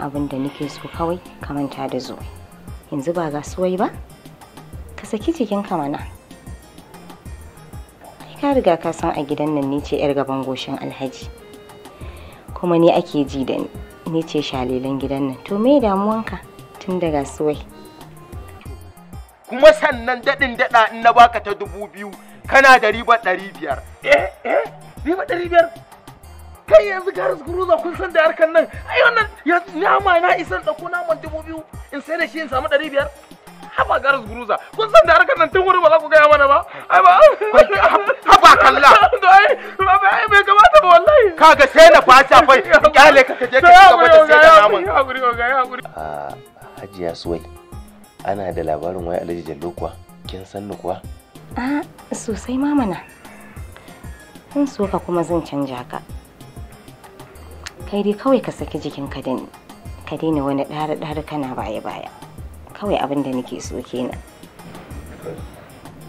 abin da nake so kawai ka manta da zo yanzu ba ga suwai ba ka saki cikin ka mana ka riga ka san a gidan nan ni ce yar gaban goshin alhaji kuma ni ake ji da ni ce shalilan gidan nan to me damuwanka tun daga suwai kuma sannan daɗin daɗa in na baka ta dubu biyu kana da ribar ɗari biyar eh eh ribar ɗari kai yanzu garis guruza kun san da harkan nan ai wannan nama na isan ɗauko naman dubu biyu in sai da shi in samu ɗari biyar haba garis guruza kun san da harkan nan tun wuri ba za ku gaya mana ba ai ba haba kalla ai bai kamata ba wallahi kaga sai na fata fai kyale ka je ka gaba da sai da naman hakuri ga hakuri ah, hajiya suwai ana da labarin wai alaji jallo kuwa kin san ni kuwa a ah, sosai mamana kun so ka kuma zan canja ka kai dai kawai ka saki jikin ka ni ka daina wani ɗari ɗari kana baya baya kawai abin da nake so kenan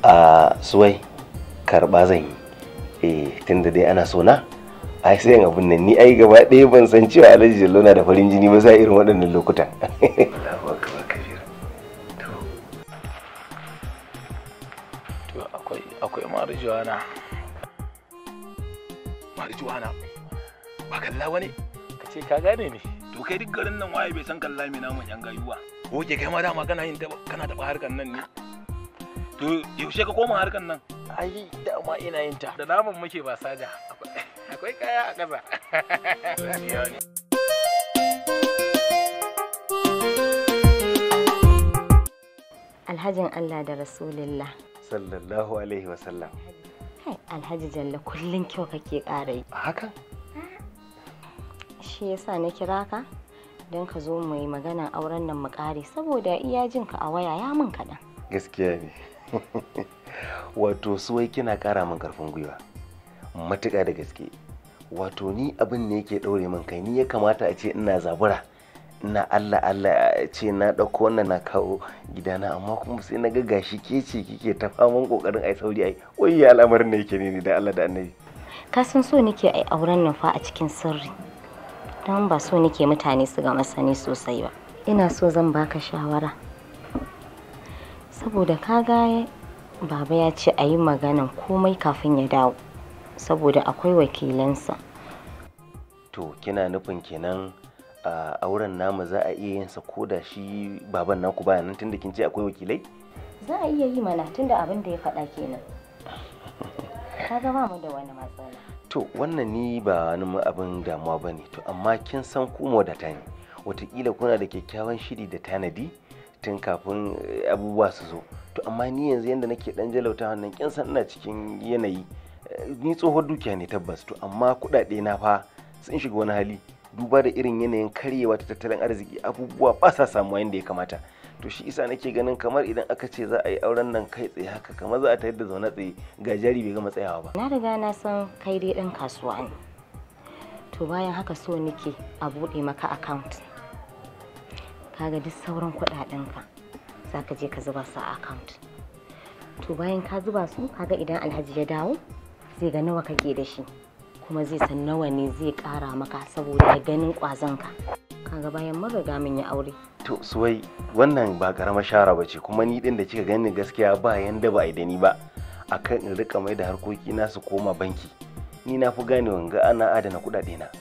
a suwai karɓa zan yi eh tunda dai ana so na ai sai yin abun nan ni ai gaba ɗaya ban san cewa alhaji jallo na da farin jini ba sai irin waɗannan lokuta akwai marijuana marijuana ba kalla wani ce ka gane ne to kai duk garin nan waye bai san kalla mai namun yan gayuwa oke kai ma dama kana yin kana taba harkan nan ne to yaushe ka koma harkan nan ai dama ina yin ta da namun muke ba saja akwai kaya a ƙasa Alhajin Allah da Rasulullah. Sallallahu Alaihi Wasallam. Alhaji Jalla kullum kyau kake ƙara yi. Haka? shi yasa na kira ka don ka zo mu magana auren nan mu kare saboda iya jin ka a waya ya mun kaɗan gaskiya ne wato suwai kina kara min karfin gwiwa matuƙa da gaske wato ni abin ne yake ɗaure min kai ni ya kamata a ce ina zabura na Allah Allah ce na ɗauko wannan na kawo gidana amma kuma sai na ga gashi ke ce kike ta faman ƙoƙarin ai sauri ai wai ya al'amarin ne yake ne da Allah da annabi ka san so nake ai auren nan fa a cikin sirri don ba so nake mutane su ga masani sosai ba ina so zan baka shawara saboda ka gaya, baba ya ce a yi maganan komai kafin ya dawo saboda akwai wakilansa to kina nufin kenan a auren namu za a iya yinsa ko da shi baban naku ba nan tunda kin ce akwai wakilai za a iya yi mana tunda abin da ya faɗa kenan ga ba mu da wani matsala to wannan ni ba wani abin damuwa ba ne to amma kin san da ta ne watakila kuna da kyakkyawan shiri da tanadi tun kafin eh, abubuwa su zo to amma ni yanzu yadda nake dan jalauta wannan kin san ina cikin yanayi eh, ni tsohon dukiya ne tabbas to amma kuɗaɗe na fa sun shiga wani hali duba da irin yanayin karyewa ta tattalin arziki abubuwa ba sa samuwa yadda ya kamata to shi isa nake ganin kamar idan aka ce za a yi auren nan kai tsaye haka kamar za a ta yadda zaune tsaye ga jari bai gama tsayawa ba na riga na san kai dai dan kasuwa ne to bayan haka so nake a bude maka account kaga duk sauran kuɗaɗenka za ka je ka zuba su a account to bayan ka zuba su kaga idan alhaji ya dawo zai ga nawa kake da shi kuma zai san nawa ne zai kara maka saboda ganin kwazon ka kaga bayan mun riga mun ya aure to suwai wannan ba karamar shara ba ce kuma ni din da kika gani gaskiya ba yanda ba a da ni ba akan in rika mai da harkoki na su koma banki ni na fi gane wanga ana adana kuɗaɗe na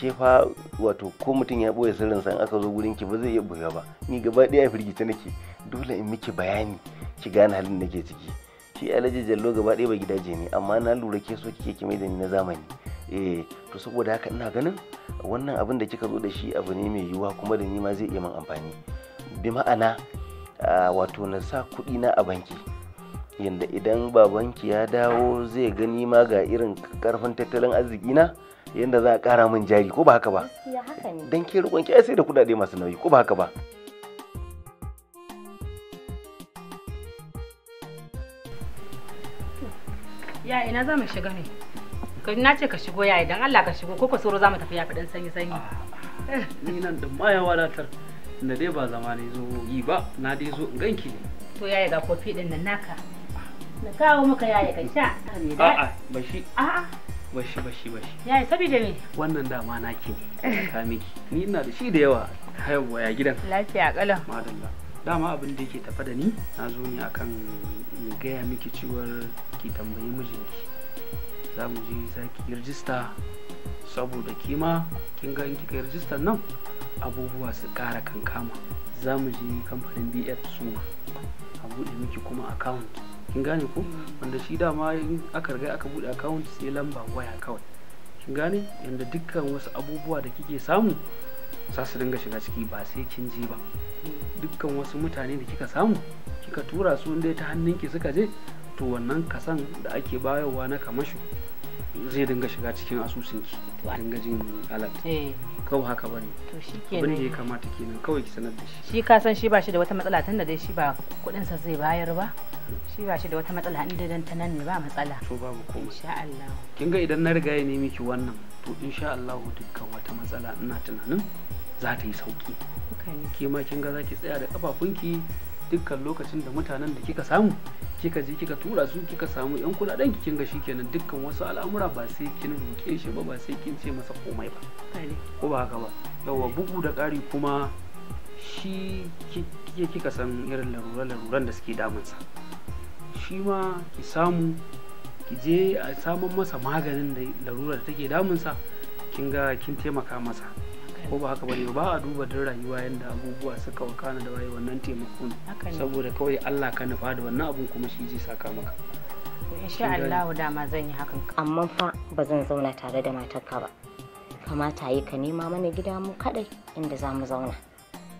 ke fa wato ko mutum ya boye sirrin san aka zo gurin ki ba zai iya ɓoye ba ni gaba ɗaya a firgita nake dole in miki bayani ki gane halin da nake ciki shi alhaji jallo gaba daya ba gidaje ne amma na lura ke so kike ki mai da ni na zamani eh to saboda haka ina ganin wannan abin da kika zo da shi abu ne mai yiwuwa kuma da ni ma zai iya man amfani bi ma'ana wato na sa kuɗi na a banki yadda idan babanki ya dawo zai gani ma ga irin karfin tattalin arziki na yadda za a ƙara min jari ko ba haka ba don ke riƙonki ai sai da kudade masu nauyi ko ba haka ba ya ina za mu shiga ne na ce ka shigo yaya dan Allah ka shigo ko ka soro za mu tafi ya dan sanyi sanyi ah, eh, ni nan din ma wadatar na dai ba zama ne zo yi ba na dai zo in ganki ne to yaya ga kofi din nan naka na kawo maka yaya ka sha a'a bashi a'a bashi bashi bashi yaya saboda me wannan dama naki ne ka miki ni ina da shi da yawa haihuwa ya gidan lafiya kala. madalla dama abin da yake tafa da ni na zo ne akan gaya miki ciwar ki tambayi mijinki za mu je za rijista saboda kima kin ga in kika rijista nan abubuwa su ƙara kankama za mu je kamfanin bf su a buɗe miki kuma account kin gane ko wanda shi dama in aka riga aka buɗe account sai lamba waya kawai kin gane yanda dukkan wasu abubuwa da kike samu za su dinga shiga ciki ba sai kin je ba dukkan wasu mutane da kika samu kika tura su inda ta hannunki suka je to wannan kasan da ake bayarwa na kamashin zai dinga shiga cikin asusunki dinga jin alat eh. kawai haka ba ne abin da ya kamata kenan kawai ki sanar da shi shi ka san shi ba shi da wata matsala tunda dai shi ba kudinsa zai bayar ba shi ba shi da wata matsala inda dan ta nan ne ba matsala to babu komai insha Allah kin ga idan na riga ya nemi ki wannan to insha Allah dukkan wata matsala ina tunanin za ta yi sauki ke ma kin ga zaki tsaya da kafafunki dukkan lokacin da mutanen da kika samu kika je kika tura su kika samu yan kudaden kin ga shi kenan dukkan wasu al'amura ba sai kin roke shi ba ba sai kin ce masa komai ba ko ba haka ba yawa bugu da ƙari kuma shi kike kika san irin laruran da suke damunsa shi ma ki samu ki je a samun masa maganin da larurar da take damunsa kin ga kin taimaka masa ko ba haka bane ba a duba da rayuwa yadda abubuwa suka wakana da waye wannan taimako ne saboda kawai Allah ka nufa da wannan abun kuma shi zai saka maka insha Allah dama zan yi hakan amma fa ba zan zauna tare da matarka ba kamata yi ka nema mana gida mu kadai inda za mu zauna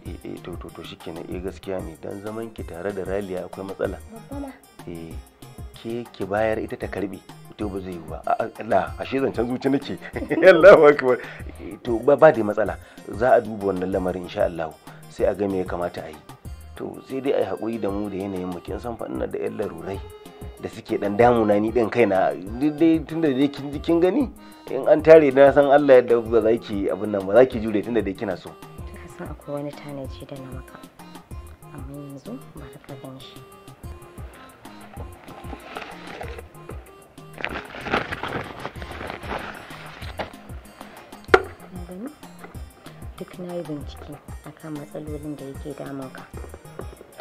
eh, eh to to to shikenan eh gaskiya ne dan zaman ki tare da Raliya akwai matsala eh ke ki bayar ita ta karbi to ba zai yi ba Allah ashe zancen zuci nake Allahu akbar to ba ba da matsala za a duba wannan lamarin insha Allah sai a ga me ya kamata a yi to sai dai a yi hakuri da mu da yanayin mu kin san fa ina da yan larurai da suke dan damuna ni din kaina dai tunda dai kin ji kin gani in an tare na san Allah yadda ba za ki abin nan ba za ki jure tunda dai kina so kasan akwai wani tanaji da na maka amma yanzu ba ta shi duk na yi bincike a kan matsalolin da yake damunka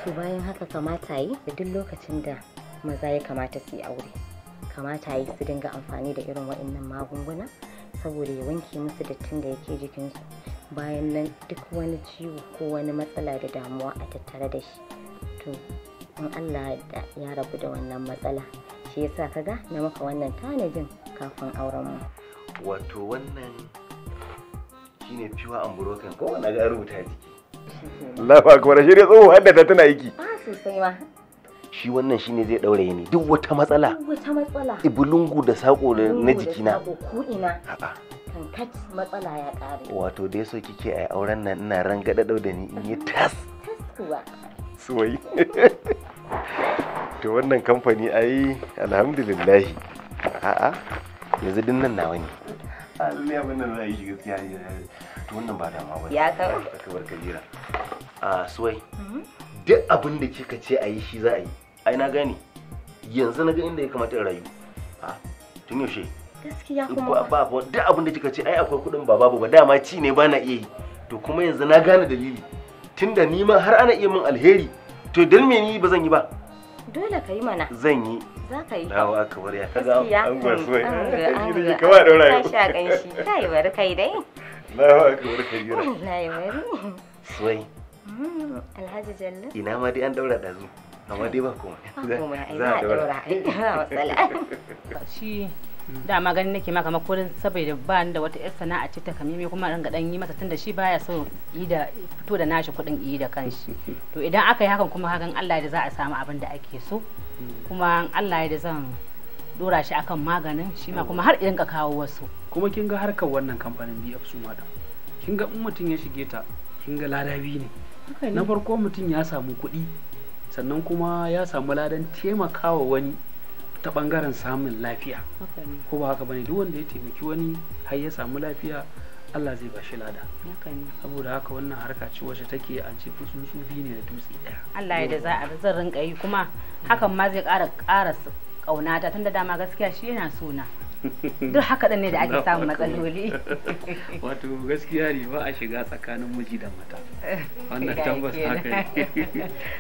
to bayan haka kamata yi da duk lokacin da maza ya kamata su yi aure kamata yi su dinga amfani da irin waɗannan magunguna saboda ya wanke musu dattin da yake jikinsu bayan nan duk wani ciwo ko wani matsala da damuwa a tattare da shi to in allah ya rabu da wannan matsala shi yasa ga na maka wannan tanajin kafin auren mu wato wannan shine pure and broken ko wanda ga rubuta jiki Allah ba kuma shi ne tsoho hadda ta tana yiki ba sosai ma shi wannan shine zai daure ni duk wata matsala duk wata matsala ibulungu da sako na jikina ko ina a'a kankat matsala ya kare wato dai so kike a auren nan ina rangada dau da ni in yi tas kuwa suwai to wannan kamfani ai alhamdulillah a'a yanzu dinnan nawa ne a lalle abin da za a yi shi gaskiya to wannan ba dama ba ya kawo ka bar kabira a suwai mm-hmm. duk abin da kika ce a yi shi za a yi ai na gane yanzu na ga inda ya kamata in rayu tun yaushe gaskiya kuma ba ba duk abin da kika ce ai akwai kuɗin ba babu ba dama ci ne ba na iya yi to kuma yanzu na gane dalili tunda ni ma har ana iya min alheri to dan me ni ba zan yi ba Dole ka yi mana. Zan yi. Za ka yi. Dawo aka bari ka ga an gwarsuwai. An gwarsuwai. An Ka Kawai daura yau. Ka sha kanshi. Kai bari kai dai. Dawo aka bari ka kai gira. Wallahi bari. Suwai. Mm, Alhaji Jalla. Ina ma dai an daura ɗazu. Amma dai ba komai. Ba komai. Za a daura. Ba matsala. Shi dama ganin nake ma kamar saboda ba ni da wata 'yar sana'a ce ta kamimi kuma ga dan yi mata tunda shi baya so yi da fito da nashi kuɗin yi da kanshi to idan aka yi hakan kuma hakan Allah da za a samu abin da ake so kuma Allah da zan dora shi akan maganin shi ma kuma har idan ka kawo wasu kuma kin ga harkar wannan kamfanin BF su madam kin ga in mutum ya shige ta kin ga ladabi ne na farko mutum ya samu kuɗi sannan kuma ya samu ladan taimakawa wani ta bangaren samun lafiya ko ba haka bane duk wanda ya taimaki wani har ya samu lafiya Allah zai ba shi lada saboda haka wannan harka ce wacce take a cikin tsuntsu biyu ne da dutse daya Allah ya da za a zan rinka yi kuma hakan ma zai ƙara ƙara ta tunda dama gaskiya shi yana na duk haka ne da ake samun matsaloli wato gaskiya ne ba a shiga tsakanin miji da mata wannan tabbas haka ne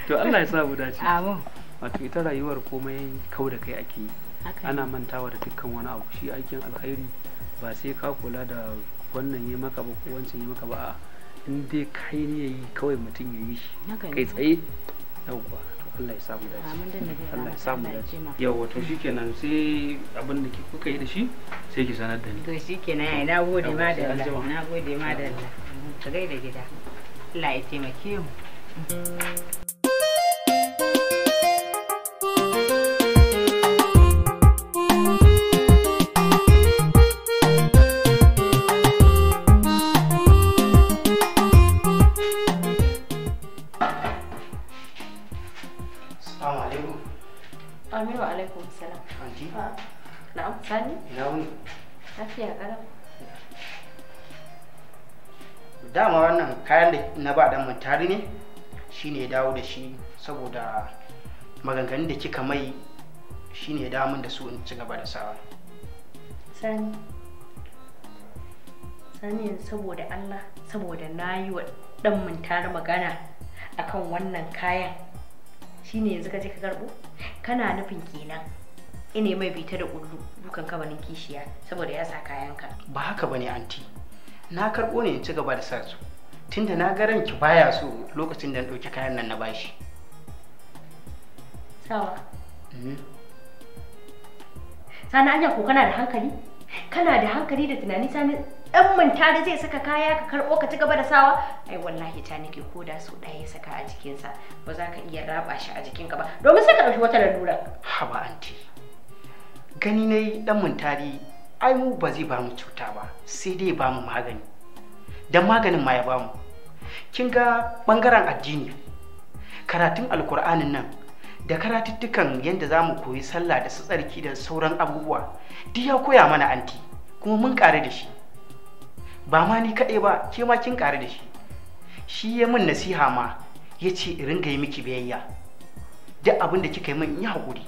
to Allah ya sa mu dace amin wato ita rayuwar komai kau da kai ake yi ana mantawa da dukkan wani abu shi aikin alkhairi ba sai ka kula da wannan ya maka ba ko wancan ya maka ba a in dai kai ne yi kawai mutum ya yi shi kai tsaye yauwa to Allah ya samu dace Allah ya samu dace yauwa to shikenan sai abin da kuka yi da shi sai ki sanar da ni to shikenan yayi nagode ma da Allah nagode ma da Allah ka gaida gida Allah ya taimake mu mu tare ne shi ya dawo da shi saboda maganganun da kika mai shi ya dawo da su in ci gaba da sawa sani sani yanzu saboda Allah saboda na yi wa dan mun tare magana akan wannan kayan shi ne yanzu ka ka karbo kana nufin kenan ine mai bita da kullu dukan ka kishiya saboda ya sa kayanka ba haka bane anti na karbo ne in ci gaba da sa su tunda na ga ranki baya so lokacin da ɗauki kayan nan na bashi sawa mhm. sani anya ko kana da hankali kana da hankali da tunani sani ɗan manta zai saka kaya ka karɓo ka ci gaba da sawa ai wallahi ta nake ko da su ɗaya saka a jikinsa ba za ka iya raba shi a jikinka ba domin sai ka ɗauki wata lalura ba anti gani na yi ɗan ai mu ba zai ba mu cuta ba sai dai ba mu magani dan maganin ma ya bamu kin ga bangaren addini karatun alkur'anin nan da karatuttukan yadda za mu koyi sallah da su tsarki da sauran abubuwa duk ya koya mana anti kuma mun ƙare da shi ba ma ni kaɗai ba ke ma kin ƙare da shi shi ya min nasiha ma ya ce irin ringa yi miki biyayya duk abin da kika yi min in yi haƙuri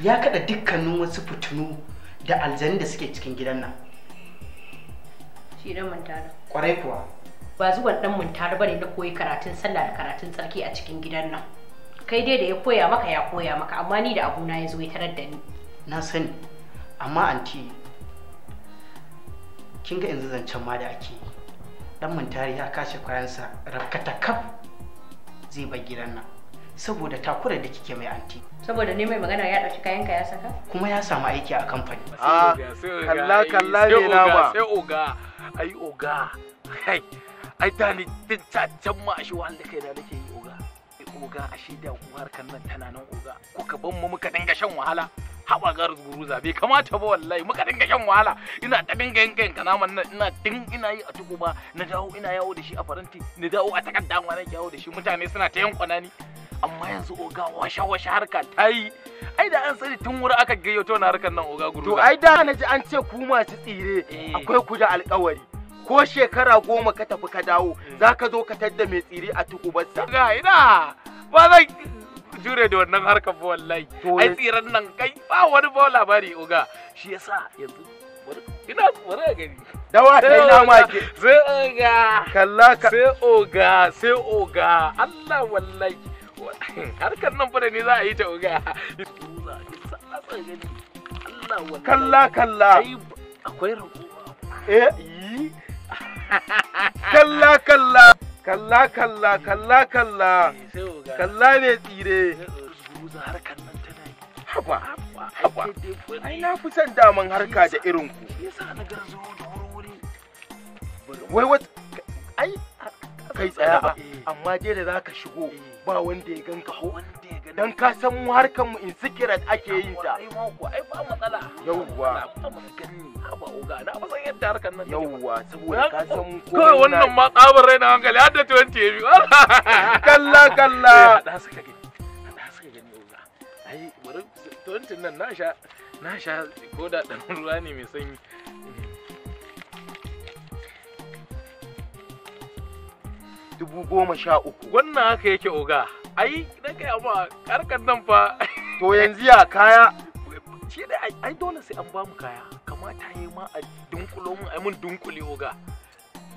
ya kaɗa dukkanin wasu fitinu da aljanu da suke cikin gidan nan Shi dan Kwarai kuwa. Ba zuwan dan Muntari bane na koyi karatun sallah da karatun tsarki a cikin gidan nan. Kai dai da ya koya maka ya koya maka amma ni da abuna ya zo ya tarar da ni. Na sani. Amma anti kin ga yanzu zancen ma da ake yi. Dan Muntari ya kashe kwayansa rakata kaf zai bar gidan nan. saboda takura da kike mai anti. Saboda ne mai magana ya ɗauki kayanka ya saka? Kuma ya samu aiki a kamfani. Ah, kalla kalla ne na ba. Sai oga, sai oga. ai oga ai ai da ni can ma ashe wanda da nake yi oga oga a shi da harkar nan tana nan oga Ko ka ban mu muka dinga shan wahala haɓa garis guruza bai kamata ba wallahi muka dinga shan wahala ina ta dinga yanka yanka naman nan ina din ina yi a tuku ba na dawo ina yawo da shi a faranti na dawo a takarda ma nake yawo da shi mutane suna ta yankwana ni amma yanzu oga washa washa harka ta yi ai da an sani tun wuri aka gayyato na harkar nan oga guru to ai da na ji an ce ku masu tsire eh. akwai ku da alƙawari ko shekara goma ka tafi ka dawo eh. za ka zo ka tadda mai tsire a tukubarsa ga ina ba zan jure da wannan harkar ba wallahi ai tsiran nan kai ba wani ba labari oga shi yasa yanzu ina bari gani dawa kai na make sai oga kalla ka sai oga sai oga Allah wallahi harkar nan fa da ni za a yi ta oga kalla kalla akwai eh kalla kalla kalla kalla kalla kalla eh, kalla ne tsire haba haba ai na fi son daman harka da irin ku wai wata ai kai tsaya amma dai da za ka shigo eh. ba wanda ya ganka ko dan ka san mu harkar mu in sikirat ake yin ta ai ba matsala yauwa na yawwa ba uga na ba san yadda harkar nan yauwa saboda ka san mu ko wannan ma tsabar raina hankali har da 20 kalla kalla da eh, suka gani da suka gani uga ai bari 20 nan na sha na sha ko da dan ruwa ne mai sanyi dubu goma sha uku. Wannan haka yake oga, ai na kai amma karkar nan fa. To yanzu ya kaya. Shi dai ai dole sai an bamu kaya, kamata yi ma a dunkulo mun ai mun dunkule oga.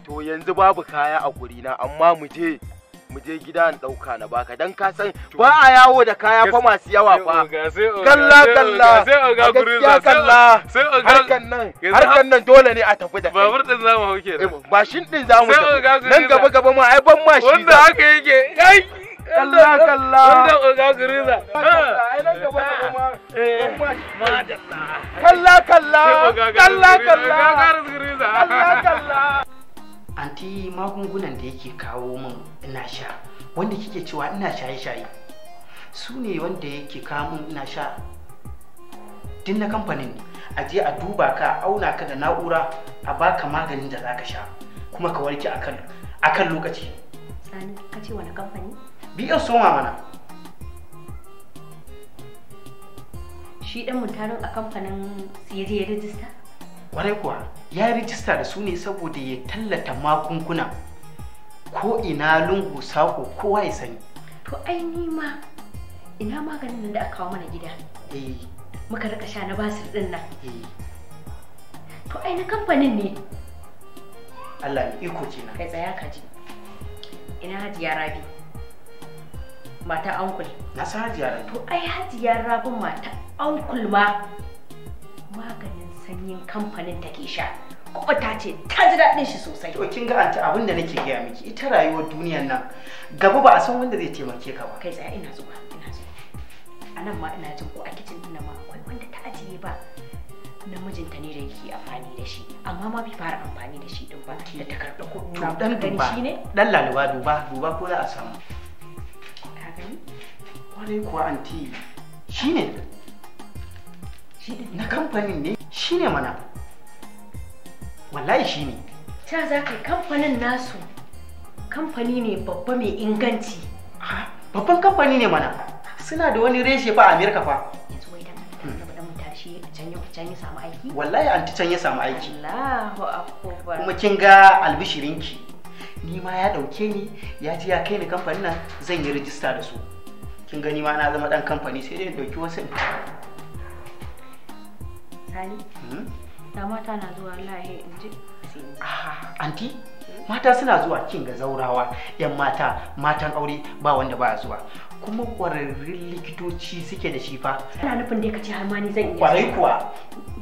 To yanzu babu kaya a gurina amma mu je mu je gida in dauka na baka dan ka san ba a yawo da kaya fa masu yawa fa kalla kalla sai kalla harkan nan harkan nan dole ne a tafi da babur din zamu hau kenan bashin eh, din zamu tafi nan gaba gaba ma ai ban mashi wanda haka yake kai kalla kalla wanda oga guruza ai nan gaba gaba ma eh. eh. kalla kalla kalla kalla kalla kalla anti magungunan da yake kawo min ina sha wanda kike cewa ina shaye-shaye su ne wanda yake kawo min ina sha din na kamfanin a je a duba ka auna ka da na'ura a baka maganin da zaka sha kuma ka warke akan lokaci sani ka biyar soma mana shi dan mutarin a kamfanin sai je ya rijista kwarai kuwa ya rijista da su ne saboda ya tallata magunguna ko ina lungu sako kowa ya sani to ai ni ma ina maganin nan da aka kawo mana gida eh muka rika sha na basir din nan eh to ai na kamfanin ne Allah ya iko kenan kai tsaya ka ji ina hajiya rabi mata uncle na san hajiya rabi to ai hajiya rabin mata uncle ma maganin sanyin kamfanin take sha kuma ta ce ta ji daɗin shi sosai to kin ga anta abin da nake gaya miki ita rayuwar duniyar nan gaba ba a san wanda zai taimake ka ba kai tsaya ina zuwa ina zuwa a nan ma ina jin ko a kicin ɗin ma akwai wanda ta ajiye ba namijinta ne da yake amfani da shi amma ma bai fara amfani da shi din ba da takarda ko na dan duba dan laluba duba duba ko za a samu ka gani kwarai kuwa anti shine na kamfanin ne shi ne mana wallahi shi ne ta za ka kamfanin nasu kamfani ne babba mai inganci ah, babban kamfani ne mana suna da wani reshe fa a amerika fa yanzu wai dan mu tashi can ya samu aiki wallahi anti can ya samu aiki Allahu akbar kuma kin ga albishirinki ni ma ya dauke ni ya ji ya kai ni kamfanin nan zan yi rijista da su kin gani ma na zama dan kamfani sai dai dauki wasu hali hmm? da mata na zuwa lahi in ji ah, anti mata suna zuwa kin ga zaurawa yan mata matan aure ba wanda ba zuwa kuma kwararrun likitoci suke da shi fa ana nufin da ka ce har ma ni zan iya kwarai kuwa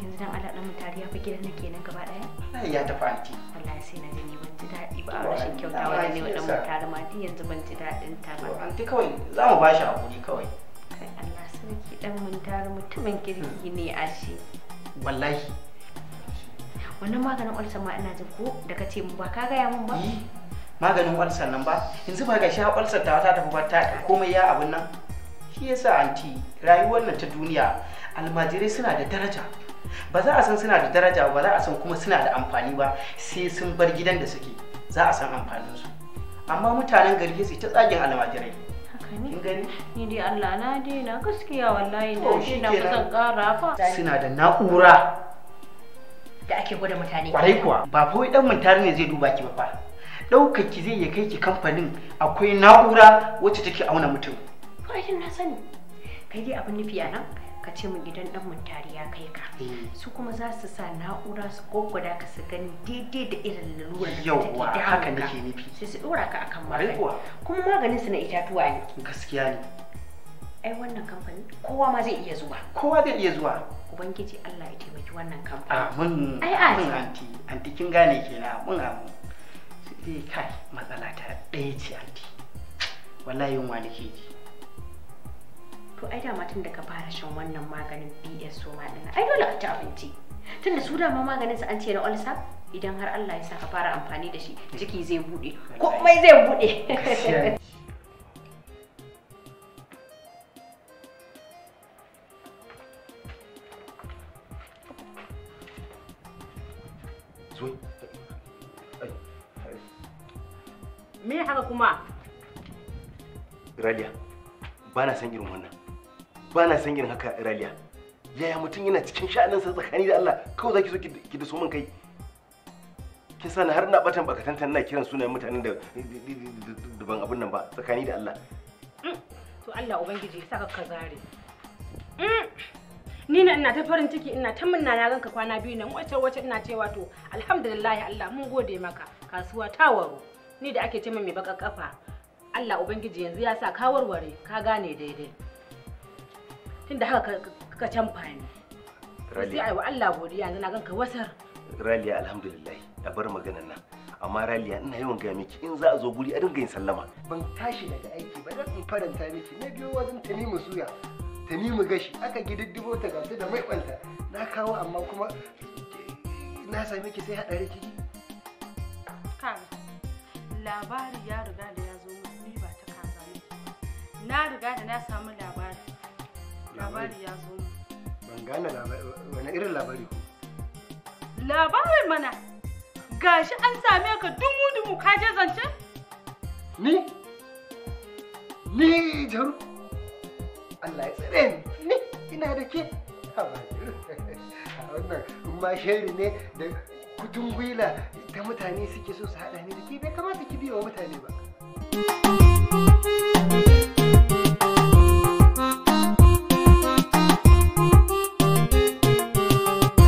yanzu dan Allah dan mutari ya fi gidan nake nan gaba daya ya tafi anti Allah ya sai na gani ban ji dadi ba rashin kyautawa ne wa dan mutari ma din yanzu ban ji dadin ta ba anti kawai za mu bashi hakuri kawai Allah sai ki dan mutari mutumin kirki hmm. ne a shi wallahi wannan maganin ulcer ma ina jin ko da ka ce mu ba ka gaya mun ba eh, maganin ulcer nan ba yanzu ba ga sha ulcer ta ta tafi ba ta komai ya abin nan shi yasa anti rayuwar nan ta duniya almajirai suna da daraja ba za a san suna da daraja ba za a san kuma suna da amfani ba sai sun bar gidan da suke za a san amfaninsu amma mutanen gari sai ta tsagen almajirai kin ni dai Allah na daina gaskiya wallahi na daina ba zan kara fa suna da na'ura da ake gwada mutane kwarai kuwa ba fa wai dan mutane ne zai duba ki ba ɗaukaki zai ya kai ki kamfanin akwai na'ura wacce take auna mutum to na sani kai dai abin nufi a nan ka ce mu gidan dan mutari ya kai ka mm. su kuma za su sa na'ura su gogoda ka su gani daidai da irin lalura da yauwa haka nake nufi sai su dora ka akan magani kuma maganin su na itatuwa ne gaskiya ne ai wannan kamfani kowa ma zai iya zuwa kowa zai iya zuwa ubangiji Allah ya taimaki wannan kamfani amin ai amin anti anti kin gane kenan amin amin sai kai matsala ta ɗaya ce anti wallahi yunwa nake ji to ai dama tun da ka fara shan wannan maganin BS soma dana, ai dole ka ci abinci tun da su dama maganin sa an ce na ulsa idan har Allah ya saka ka fara amfani da shi jiki zai bude komai zai bude san yin haka raliya yaya mutum yana cikin sha'aninsa tsakani da Allah kawai zaki zo ki da so min kai kin sani har na batan tantan na kiran sunayen mutanen da ban abun nan ba tsakani da Allah mm. to Allah ubangiji ya saka ka zare mm. ni na ina ta farin ciki ina ta munna na ganka kwana biyu nan wacce wacce ina cewa to alhamdulillah Allah mun gode maka kasuwa ta waro ni da ake ce min mai baka kafa Allah ubangiji yanzu ya sa ka warware ka gane daidai tunda haka ka canfa ni sai ai wa Allah godiya yanzu na ganka wasar raliya alhamdulillah a bar magana nan amma raliya ina yawan gaya miki in za a zo guri a dinga yin sallama ban tashi daga aiki ba dan in faranta miki na biyo wajen tanimu suya tanimu gashi aka gididdibo ta gasu da mai kwanta na kawo amma kuma na same miki sai haɗari kiki kaga labari ya riga da ya zo ni ba ta kaza ne na riga da na samu labari labari irin labari mana gashi an same ka dumu-dumu je zance ni ni jaru Allah ya ni ina da ke wannan ma shari ne da kutun gwila ta mutane suke so su haɗa ni da ke bai kamata ki biya wa mutane ba thank you